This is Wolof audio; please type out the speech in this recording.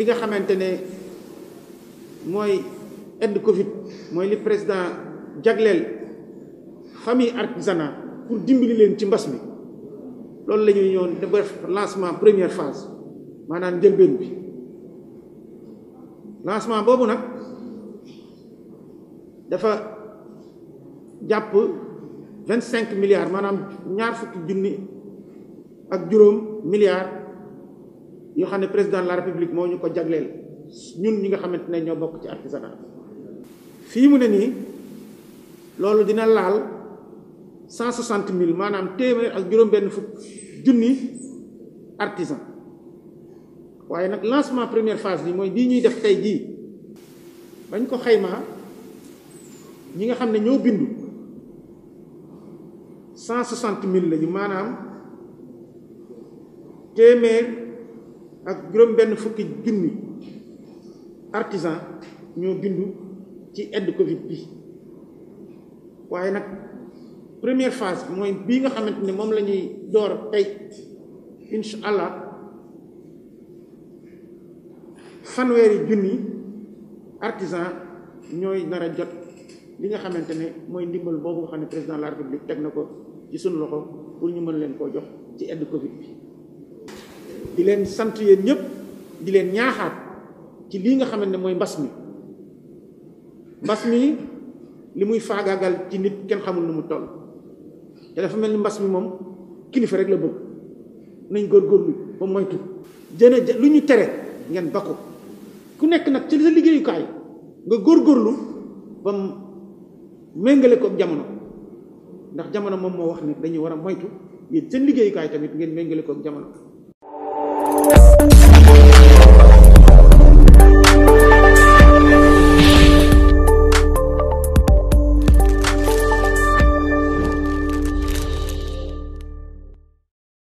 li nga xamante ne mooy aide Covid mooy li président jagleel famille artisanat pour dimbali leen ci mbas mi loolu lañuy ñuy ñëwoon def lancement première phase maanaam njëlbeen bi lancement boobu nag dafa jàpp vingt cinq milliards maanaam ñaar fukki junni ak juróom milliards yoo xam ne président la république moo ñu ko jagleel ñun ñi nga xamante ne ñoo bokk ci artisanat fii mu ne nii loolu dina laal cent soixante mille maanaam téeméer ak juróom-benn fukk junni artisan waaye nag lancement première phase bi mooy bii ñuy def tey jii bañ ko xaymaa ñi nga xam ne ñoo bindu cent soixante mille lañu maanaam téeméer ak juróom benn fukki junni artisan ñoo bindu ci aide Covid bi waaye nag première phase mooy bii nga xamante ne moom lañuy ñuy door tey incha allah fanweeri junni artisan ñooy nar jot li nga xamante ne mooy ndimbal boobu nga xam ne président la république teg na ko ci suñu loxo pour ñu mën leen koo jox ci aide Covid bi. di leen sant yéen ñëpp di leen ñaaxaat ci lii nga xamante ne mooy mbas mi mbas mi li muy faagaagal ci nit kenn xamul nu mu toll te dafa mel ni mbas mi moom kilifa rek la bëgg nañ góorgóorlu ba moytu jëne lu ñu tere ngeen ba ko ku nekk nag ci sa liggéeyukaay nga góorgóorlu ba méngale ko jamono ndax jamono moom moo wax ne dañuy war a moytu yéen seen liggéeyukaay tamit ngeen méngale ko jamono